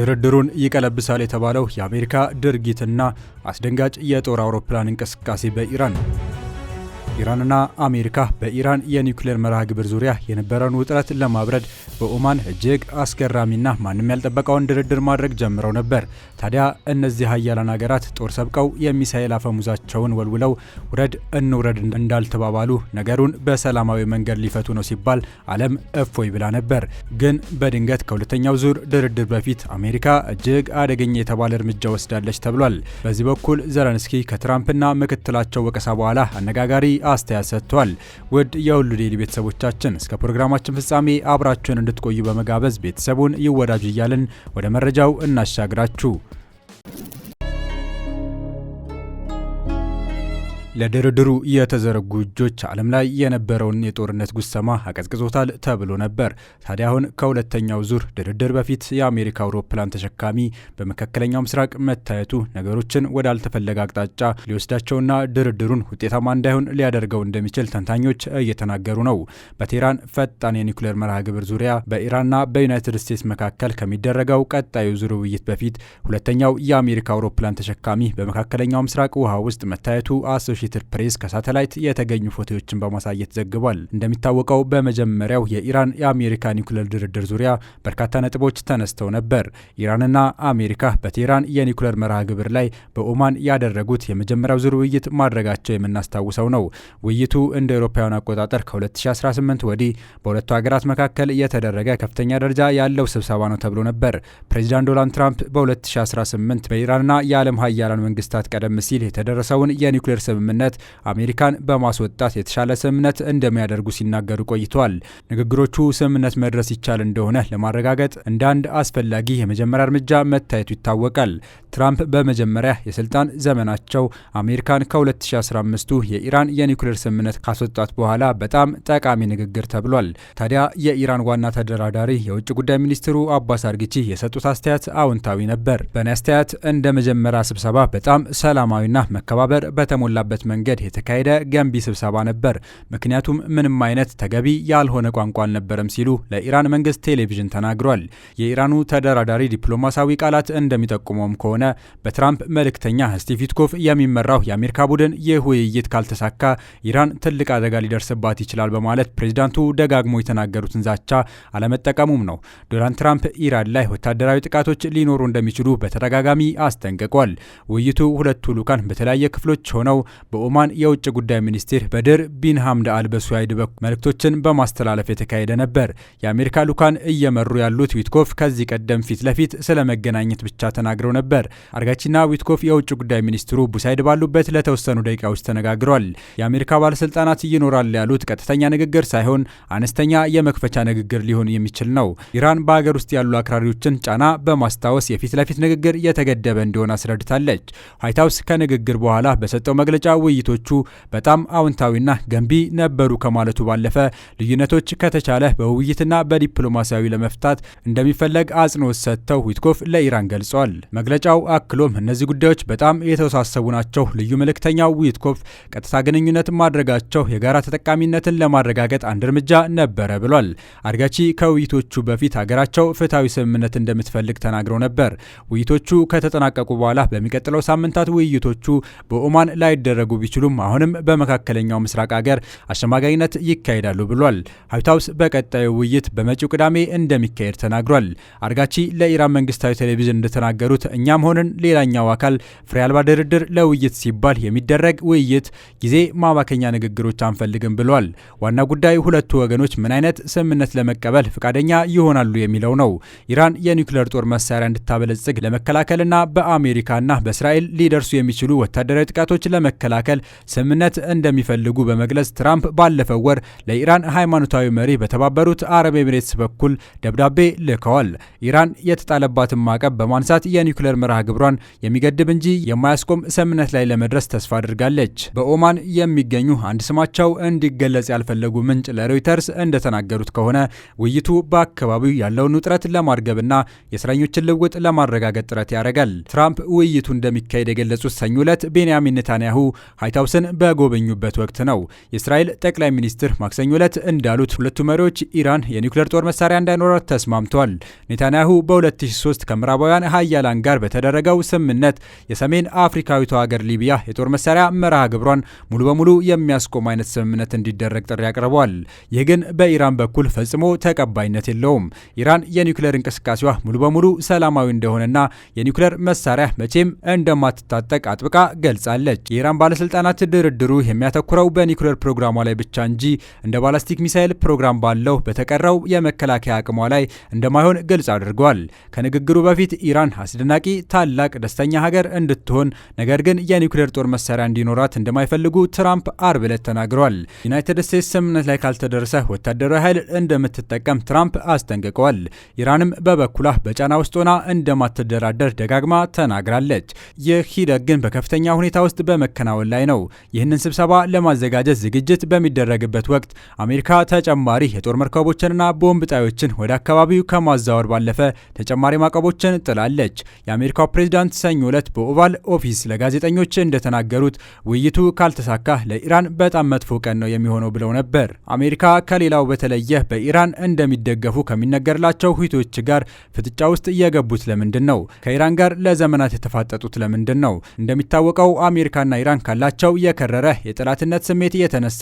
ድርድሩን ይቀለብሳል የተባለው የአሜሪካ ድርጊትና አስደንጋጭ የጦር አውሮፕላን እንቅስቃሴ በኢራን ነው። ኢራንና አሜሪካ በኢራን የኒውክሌር መርሃ ግብር ዙሪያ የነበረውን ውጥረት ለማብረድ በኦማን እጅግ አስገራሚና ማንም ያልጠበቀውን ድርድር ማድረግ ጀምረው ነበር። ታዲያ እነዚህ ሀያላን ሀገራት ጦር ሰብቀው የሚሳኤል አፈሙዛቸውን ወልውለው ውረድ እንውረድ እንዳልተባባሉ ነገሩን በሰላማዊ መንገድ ሊፈቱ ነው ሲባል ዓለም እፎይ ብላ ነበር። ግን በድንገት ከሁለተኛው ዙር ድርድር በፊት አሜሪካ እጅግ አደገኛ የተባለ እርምጃ ወስዳለች ተብሏል። በዚህ በኩል ዘለንስኪ ከትራምፕና ምክትላቸው ወቀሳ በኋላ አነጋጋሪ አስተያየት ሰጥቷል። ውድ የሁሉ ዴይሊ ቤተሰቦቻችን እስከ ፕሮግራማችን ፍጻሜ አብራችሁን እንድትቆዩ በመጋበዝ ቤተሰቡን ይወዳጁ እያልን ወደ መረጃው እናሻግራችሁ። ለድርድሩ የተዘረጉ እጆች ዓለም ላይ የነበረውን የጦርነት ጉሰማ አቀዝቅዞታል ተብሎ ነበር። ታዲያ አሁን ከሁለተኛው ዙር ድርድር በፊት የአሜሪካ አውሮፕላን ተሸካሚ በመካከለኛው ምስራቅ መታየቱ ነገሮችን ወዳልተፈለገ አቅጣጫ ሊወስዳቸውና ድርድሩን ውጤታማ እንዳይሆን ሊያደርገው እንደሚችል ተንታኞች እየተናገሩ ነው። በቴህራን ፈጣን የኒውክሌር መርሃ ግብር ዙሪያ በኢራንና በዩናይትድ ስቴትስ መካከል ከሚደረገው ቀጣዩ ዙር ውይይት በፊት ሁለተኛው የአሜሪካ አውሮፕላን ተሸካሚ በመካከለኛው ምስራቅ ውሃ ውስጥ መታየቱ አሶሺ አሶሺየትድ ፕሬስ ከሳተላይት የተገኙ ፎቶዎችን በማሳየት ዘግቧል። እንደሚታወቀው በመጀመሪያው የኢራን የአሜሪካ ኒውክሌር ድርድር ዙሪያ በርካታ ነጥቦች ተነስተው ነበር። ኢራንና አሜሪካ በቴህራን የኒውክሌር መርሃ ግብር ላይ በኦማን ያደረጉት የመጀመሪያው ዙር ውይይት ማድረጋቸው የምናስታውሰው ነው። ውይይቱ እንደ አውሮፓውያን አቆጣጠር ከ2018 ወዲህ በሁለቱ ሀገራት መካከል የተደረገ ከፍተኛ ደረጃ ያለው ስብሰባ ነው ተብሎ ነበር። ፕሬዚዳንት ዶናልድ ትራምፕ በ2018 በኢራንና የዓለም ሀያላን መንግስታት ቀደም ሲል የተደረሰውን የኒኩሌር ስምምነት ስምምነት አሜሪካን በማስወጣት የተሻለ ስምምነት እንደሚያደርጉ ሲናገሩ ቆይተዋል። ንግግሮቹ ስምምነት መድረስ ይቻል እንደሆነ ለማረጋገጥ እንደ አንድ አስፈላጊ የመጀመሪያ እርምጃ መታየቱ ይታወቃል። ትራምፕ በመጀመሪያ የስልጣን ዘመናቸው አሜሪካን ከ2015ቱ የኢራን የኒውክሌር ስምምነት ካስወጣት በኋላ በጣም ጠቃሚ ንግግር ተብሏል። ታዲያ የኢራን ዋና ተደራዳሪ የውጭ ጉዳይ ሚኒስትሩ አባስ አርጊቺ የሰጡት አስተያየት አዎንታዊ ነበር። በእኔ አስተያየት እንደ መጀመሪያ ስብሰባ በጣም ሰላማዊና መከባበር በተሞላበት መንገድ የተካሄደ ገንቢ ስብሰባ ነበር፣ ምክንያቱም ምንም አይነት ተገቢ ያልሆነ ቋንቋ አልነበረም ሲሉ ለኢራን መንግስት ቴሌቪዥን ተናግሯል። የኢራኑ ተደራዳሪ ዲፕሎማሲያዊ ቃላት እንደሚጠቁመውም ከሆነ በትራምፕ መልእክተኛ ስቲቭ የሚመራው የአሜሪካ ቡድን ይህ ውይይት ካልተሳካ ኢራን ትልቅ አደጋ ሊደርስባት ይችላል በማለት ፕሬዚዳንቱ ደጋግሞ የተናገሩትን ዛቻ አለመጠቀሙም ነው። ዶናልድ ትራምፕ ኢራን ላይ ወታደራዊ ጥቃቶች ሊኖሩ እንደሚችሉ በተደጋጋሚ አስጠንቅቋል። ውይይቱ ሁለቱ ሉካን በተለያየ ክፍሎች ሆነው በኦማን የውጭ ጉዳይ ሚኒስቴር በድር ቢን ሐምድ አል በሱሃይድ በኩል መልእክቶችን በማስተላለፍ የተካሄደ ነበር። የአሜሪካ ልዑካን እየመሩ ያሉት ዊትኮፍ ከዚህ ቀደም ፊት ለፊት ስለ መገናኘት ብቻ ተናግረው ነበር። አርጋቺና ዊትኮፍ የውጭ ጉዳይ ሚኒስትሩ ቡሳይድ ባሉበት ለተወሰኑ ደቂቃዎች ተነጋግሯል። የአሜሪካ ባለስልጣናት ይኖራል ያሉት ቀጥተኛ ንግግር ሳይሆን አነስተኛ የመክፈቻ ንግግር ሊሆን የሚችል ነው። ኢራን በሀገር ውስጥ ያሉ አክራሪዎችን ጫና በማስታወስ የፊት ለፊት ንግግር የተገደበ እንደሆነ አስረድታለች። ዋይት ሀውስ ከንግግር በኋላ በሰጠው መግለጫ ውይይቶቹ በጣም አዎንታዊና ገንቢ ነበሩ ከማለቱ ባለፈ ልዩነቶች ከተቻለ በውይይትና በዲፕሎማሲያዊ ለመፍታት እንደሚፈለግ አጽንኦት ሰጥተው ዊትኮፍ ለኢራን ገልጿል። መግለጫው አክሎም እነዚህ ጉዳዮች በጣም የተወሳሰቡ ናቸው። ልዩ መልእክተኛው ዊትኮፍ ቀጥታ ግንኙነት ማድረጋቸው የጋራ ተጠቃሚነትን ለማረጋገጥ አንድ እርምጃ ነበረ ብሏል። አድጋቺ ከውይይቶቹ በፊት ሀገራቸው ፍትሐዊ ስምምነት እንደምትፈልግ ተናግረው ነበር። ውይይቶቹ ከተጠናቀቁ በኋላ በሚቀጥለው ሳምንታት ውይይቶቹ በኦማን ላይደረጉ ሊደረጉ ቢችሉም አሁንም በመካከለኛው ምስራቅ አገር አሸማጋይነት ይካሄዳሉ ብሏል። ዋይት ሀውስ በቀጣዩ ውይይት በመጪው ቅዳሜ እንደሚካሄድ ተናግሯል። አርጋቺ ለኢራን መንግስታዊ ቴሌቪዥን እንደተናገሩት እኛም ሆንን ሌላኛው አካል ፍሬ አልባ ድርድር ለውይይት ሲባል የሚደረግ ውይይት ጊዜ ማባከኛ ንግግሮች አንፈልግም ብሏል። ዋና ጉዳይ ሁለቱ ወገኖች ምን አይነት ስምምነት ለመቀበል ፈቃደኛ ይሆናሉ የሚለው ነው። ኢራን የኒውክሌር ጦር መሳሪያ እንድታበለጽግ ለመከላከልና በአሜሪካና በእስራኤል ሊደርሱ የሚችሉ ወታደራዊ ጥቃቶች ለመከላከል ለመከላከል ስምምነት እንደሚፈልጉ በመግለጽ ትራምፕ ባለፈው ወር ለኢራን ሃይማኖታዊ መሪ በተባበሩት አረብ ኤምሬትስ በኩል ደብዳቤ ልከዋል። ኢራን የተጣለባትን ማዕቀብ በማንሳት የኒውክሌር መርሃ ግብሯን የሚገድብ እንጂ የማያስቆም ስምምነት ላይ ለመድረስ ተስፋ አድርጋለች። በኦማን የሚገኙ አንድ ስማቸው እንዲገለጽ ያልፈለጉ ምንጭ ለሮይተርስ እንደተናገሩት ከሆነ ውይይቱ በአካባቢው ያለውን ውጥረት ለማርገብና የእስረኞችን ልውውጥ ለማረጋገጥ ጥረት ያደርጋል። ትራምፕ ውይይቱ እንደሚካሄድ የገለጹት ሰኞ ዕለት ቤንያሚን ኔታንያሁ ዋይት ሀውስን በጎበኙበት ወቅት ነው። የእስራኤል ጠቅላይ ሚኒስትር ማክሰኞ ዕለት እንዳሉት ሁለቱ መሪዎች ኢራን የኒውክሌር ጦር መሳሪያ እንዳይኖራት ተስማምቷል። ኔታንያሁ በ2003 ከምዕራባውያን ሀያላን ጋር በተደረገው ስምምነት የሰሜን አፍሪካዊቷ ሀገር ሊቢያ የጦር መሳሪያ መርሃ ግብሯን ሙሉ በሙሉ የሚያስቆም አይነት ስምምነት እንዲደረግ ጥሪ አቅርቧል። ይህ ግን በኢራን በኩል ፈጽሞ ተቀባይነት የለውም። ኢራን የኒውክሌር እንቅስቃሴዋ ሙሉ በሙሉ ሰላማዊ እንደሆነና የኒውክሌር መሳሪያ መቼም እንደማትታጠቅ አጥብቃ ገልጻለች። የኢራን ባለ ባለስልጣናት ድርድሩ የሚያተኩረው በኒውክሌር ፕሮግራሟ ላይ ብቻ እንጂ እንደ ባላስቲክ ሚሳይል ፕሮግራም ባለው በተቀረው የመከላከያ አቅሟ ላይ እንደማይሆን ግልጽ አድርጓል። ከንግግሩ በፊት ኢራን አስደናቂ፣ ታላቅ፣ ደስተኛ ሀገር እንድትሆን ነገር ግን የኒውክሌር ጦር መሳሪያ እንዲኖራት እንደማይፈልጉ ትራምፕ አርብ ዕለት ተናግረዋል። ዩናይትድ ስቴትስ ስምምነት ላይ ካልተደረሰ ወታደራዊ ኃይል እንደምትጠቀም ትራምፕ አስጠንቅቀዋል። ኢራንም በበኩሏ በጫና ውስጥ ሆና እንደማትደራደር ደጋግማ ተናግራለች። ይህ ሂደት ግን በከፍተኛ ሁኔታ ውስጥ በመከናወል በማከናወን ላይ ነው። ይህንን ስብሰባ ለማዘጋጀት ዝግጅት በሚደረግበት ወቅት አሜሪካ ተጨማሪ የጦር መርከቦችንና ቦምብ ጣዮችን ወደ አካባቢው ከማዛወር ባለፈ ተጨማሪ ማዕቀቦችን ጥላለች። የአሜሪካው ፕሬዚዳንት ሰኞ ዕለት በኦቫል ኦፊስ ለጋዜጠኞች እንደተናገሩት ውይይቱ ካልተሳካ ለኢራን በጣም መጥፎ ቀን ነው የሚሆነው ብለው ነበር። አሜሪካ ከሌላው በተለየ በኢራን እንደሚደገፉ ከሚነገርላቸው ሁቶች ጋር ፍጥጫ ውስጥ የገቡት ለምንድን ነው? ከኢራን ጋር ለዘመናት የተፋጠጡት ለምንድን ነው? እንደሚታወቀው አሜሪካና ኢራን ካላቸው የከረረ የጠላትነት ስሜት የተነሳ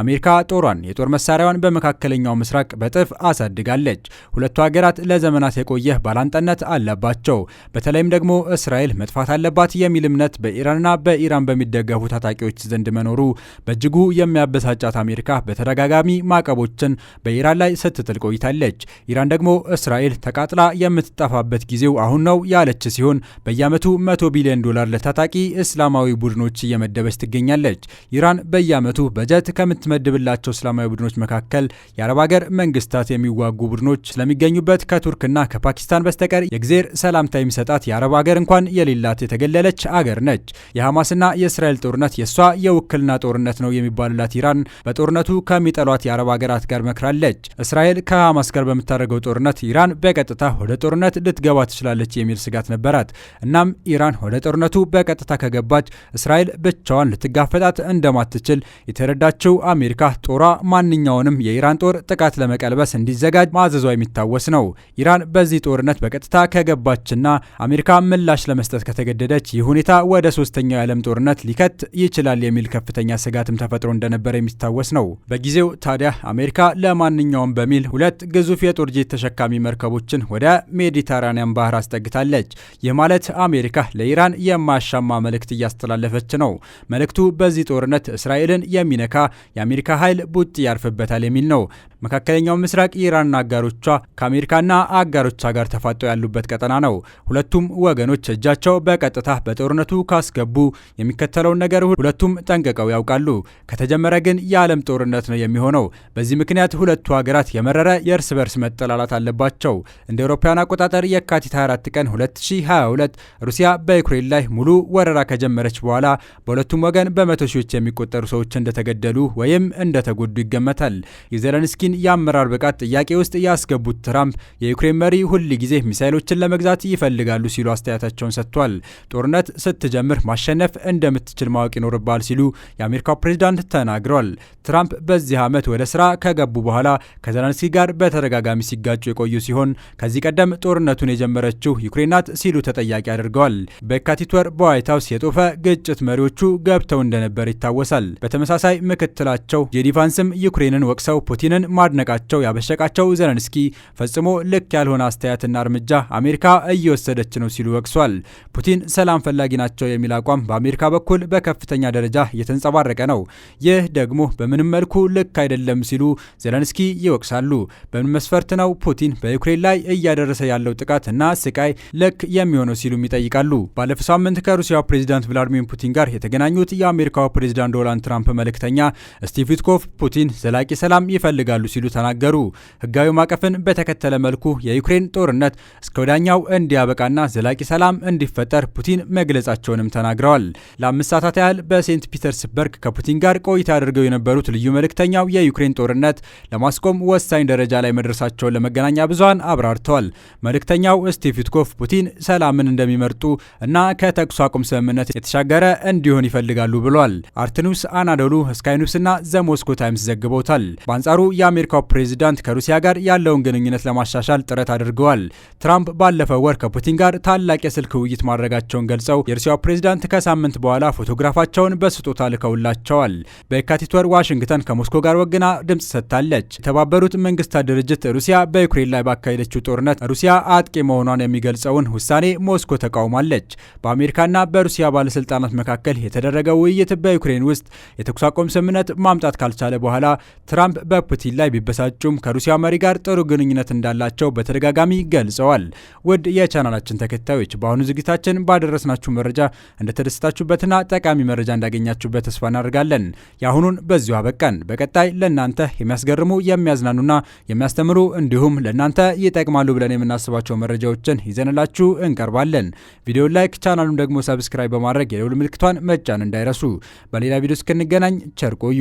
አሜሪካ ጦሯን የጦር መሳሪያዋን በመካከለኛው ምስራቅ በጥፍ አሳድጋለች። ሁለቱ ሀገራት ለዘመናት የቆየ ባላንጣነት አለባቸው። በተለይም ደግሞ እስራኤል መጥፋት አለባት የሚል እምነት በኢራንና በኢራን በሚደገፉ ታጣቂዎች ዘንድ መኖሩ በእጅጉ የሚያበሳጫት አሜሪካ በተደጋጋሚ ማዕቀቦችን በኢራን ላይ ስትጥል ቆይታለች። ኢራን ደግሞ እስራኤል ተቃጥላ የምትጠፋበት ጊዜው አሁን ነው ያለች ሲሆን በየዓመቱ 100 ቢሊዮን ዶላር ለታጣቂ እስላማዊ ቡድኖች እየመደ እየመደበች ትገኛለች። ኢራን በየዓመቱ በጀት ከምትመድብላቸው እስላማዊ ቡድኖች መካከል የአረብ ሀገር መንግስታት የሚዋጉ ቡድኖች ስለሚገኙበት ከቱርክና ከፓኪስታን በስተቀር የእግዜር ሰላምታ የሚሰጣት የአረብ ሀገር እንኳን የሌላት የተገለለች አገር ነች። የሐማስና የእስራኤል ጦርነት የእሷ የውክልና ጦርነት ነው የሚባልላት ኢራን በጦርነቱ ከሚጠሏት የአረብ ሀገራት ጋር መክራለች። እስራኤል ከሐማስ ጋር በምታደርገው ጦርነት ኢራን በቀጥታ ወደ ጦርነት ልትገባ ትችላለች የሚል ስጋት ነበራት። እናም ኢራን ወደ ጦርነቱ በቀጥታ ከገባች እስራኤል ብቻ ብቻዋን ልትጋፈጣት እንደማትችል የተረዳችው አሜሪካ ጦሯ ማንኛውንም የኢራን ጦር ጥቃት ለመቀልበስ እንዲዘጋጅ ማዘዟ የሚታወስ ነው። ኢራን በዚህ ጦርነት በቀጥታ ከገባችና አሜሪካ ምላሽ ለመስጠት ከተገደደች ይህ ሁኔታ ወደ ሶስተኛው የዓለም ጦርነት ሊከት ይችላል የሚል ከፍተኛ ስጋትም ተፈጥሮ እንደነበረ የሚታወስ ነው። በጊዜው ታዲያ አሜሪካ ለማንኛውም በሚል ሁለት ግዙፍ የጦር ጄት ተሸካሚ መርከቦችን ወደ ሜዲተራኒያን ባህር አስጠግታለች። ይህ ማለት አሜሪካ ለኢራን የማያሻማ መልእክት እያስተላለፈች ነው። መልእክቱ በዚህ ጦርነት እስራኤልን የሚነካ የአሜሪካ ኃይል ቡጥ ያርፍበታል የሚል ነው። መካከለኛው ምስራቅ ኢራንና አጋሮቿ ከአሜሪካና አጋሮቿ ጋር ተፋጠው ያሉበት ቀጠና ነው። ሁለቱም ወገኖች እጃቸው በቀጥታ በጦርነቱ ካስገቡ የሚከተለውን ነገር ሁለቱም ጠንቅቀው ያውቃሉ። ከተጀመረ ግን የዓለም ጦርነት ነው የሚሆነው። በዚህ ምክንያት ሁለቱ ሀገራት የመረረ የእርስ በርስ መጠላላት አለባቸው። እንደ አውሮፓውያን አቆጣጠር የካቲት 24 ቀን 2022 ሩሲያ በዩክሬን ላይ ሙሉ ወረራ ከጀመረች በኋላ በ በሁለቱም ወገን በመቶ ሺዎች የሚቆጠሩ ሰዎች እንደተገደሉ ወይም እንደተጎዱ ይገመታል። የዘለንስኪን የአመራር ብቃት ጥያቄ ውስጥ ያስገቡት ትራምፕ የዩክሬን መሪ ሁል ጊዜ ሚሳይሎችን ለመግዛት ይፈልጋሉ ሲሉ አስተያየታቸውን ሰጥቷል። ጦርነት ስትጀምር ማሸነፍ እንደምትችል ማወቅ ይኖርባል ሲሉ የአሜሪካው ፕሬዚዳንት ተናግረዋል። ትራምፕ በዚህ ዓመት ወደ ስራ ከገቡ በኋላ ከዘለንስኪ ጋር በተደጋጋሚ ሲጋጩ የቆዩ ሲሆን ከዚህ ቀደም ጦርነቱን የጀመረችው ዩክሬን ናት ሲሉ ተጠያቂ አድርገዋል። በየካቲት ወር በዋይት ሀውስ የጦፈ ግጭት መሪዎቹ ገብተው እንደነበር ይታወሳል። በተመሳሳይ ምክትላቸው ጄዲቫንስም ዩክሬንን ወቅሰው ፑቲንን ማድነቃቸው ያበሸቃቸው ዘለንስኪ ፈጽሞ ልክ ያልሆነ አስተያየትና እርምጃ አሜሪካ እየወሰደች ነው ሲሉ ወቅሷል። ፑቲን ሰላም ፈላጊ ናቸው የሚል አቋም በአሜሪካ በኩል በከፍተኛ ደረጃ እየተንጸባረቀ ነው። ይህ ደግሞ በምንም መልኩ ልክ አይደለም ሲሉ ዘለንስኪ ይወቅሳሉ። በምን መስፈርት ነው ፑቲን በዩክሬን ላይ እያደረሰ ያለው ጥቃት እና ስቃይ ልክ የሚሆነው ሲሉም ይጠይቃሉ። ባለፈው ሳምንት ከሩሲያ ፕሬዚዳንት ቭላዲሚር ፑቲን ጋር የተገ የተገናኙት የአሜሪካው ፕሬዚዳንት ዶናልድ ትራምፕ መልእክተኛ ስቲቭ ዊትኮፍ ፑቲን ዘላቂ ሰላም ይፈልጋሉ ሲሉ ተናገሩ። ህጋዊ ማቀፍን በተከተለ መልኩ የዩክሬን ጦርነት እስከ ወዳኛው እንዲያበቃና ዘላቂ ሰላም እንዲፈጠር ፑቲን መግለጻቸውንም ተናግረዋል። ለአምስት ሰዓታት ያህል በሴንት ፒተርስበርግ ከፑቲን ጋር ቆይታ አድርገው የነበሩት ልዩ መልእክተኛው የዩክሬን ጦርነት ለማስቆም ወሳኝ ደረጃ ላይ መድረሳቸውን ለመገናኛ ብዙሃን አብራርተዋል። መልእክተኛው ስቲቭ ዊትኮፍ ፑቲን ሰላምን እንደሚመርጡ እና ከተኩስ አቁም ስምምነት የተሻገረ እንዲሆን መሆን ይፈልጋሉ ብሏል። አርትኒውስ አናዶሉ፣ ስካይ ኒውስና ዘ ሞስኮ ታይምስ ዘግበውታል። በአንጻሩ የአሜሪካው ፕሬዚዳንት ከሩሲያ ጋር ያለውን ግንኙነት ለማሻሻል ጥረት አድርገዋል። ትራምፕ ባለፈው ወር ከፑቲን ጋር ታላቅ የስልክ ውይይት ማድረጋቸውን ገልጸው የሩሲያው ፕሬዚዳንት ከሳምንት በኋላ ፎቶግራፋቸውን በስጦታ ልከውላቸዋል። በየካቲት ወር ዋሽንግተን ከሞስኮ ጋር ወግና ድምፅ ሰጥታለች። የተባበሩት መንግስታት ድርጅት ሩሲያ በዩክሬን ላይ ባካሄደችው ጦርነት ሩሲያ አጥቂ መሆኗን የሚገልጸውን ውሳኔ ሞስኮ ተቃውማለች። በአሜሪካና በሩሲያ ባለስልጣናት መካከል የተደረገው ውይይት በዩክሬን ውስጥ የተኩስ አቁም ስምምነት ማምጣት ካልቻለ በኋላ ትራምፕ በፑቲን ላይ ቢበሳጩም ከሩሲያ መሪ ጋር ጥሩ ግንኙነት እንዳላቸው በተደጋጋሚ ገልጸዋል። ውድ የቻናላችን ተከታዮች በአሁኑ ዝግጅታችን ባደረስናችሁ መረጃ እንደተደሰታችሁበትና ጠቃሚ መረጃ እንዳገኛችሁበት ተስፋ እናደርጋለን። የአሁኑን በዚሁ አበቃን። በቀጣይ ለእናንተ የሚያስገርሙ የሚያዝናኑና የሚያስተምሩ እንዲሁም ለእናንተ ይጠቅማሉ ብለን የምናስባቸው መረጃዎችን ይዘንላችሁ እንቀርባለን። ቪዲዮ ላይክ፣ ቻናሉን ደግሞ ሰብስክራይብ በማድረግ የደውል ምልክቷን መጫ ምርጫን እንዳይረሱ። በሌላ ቪዲዮ እስክንገናኝ ቸር ቆዩ።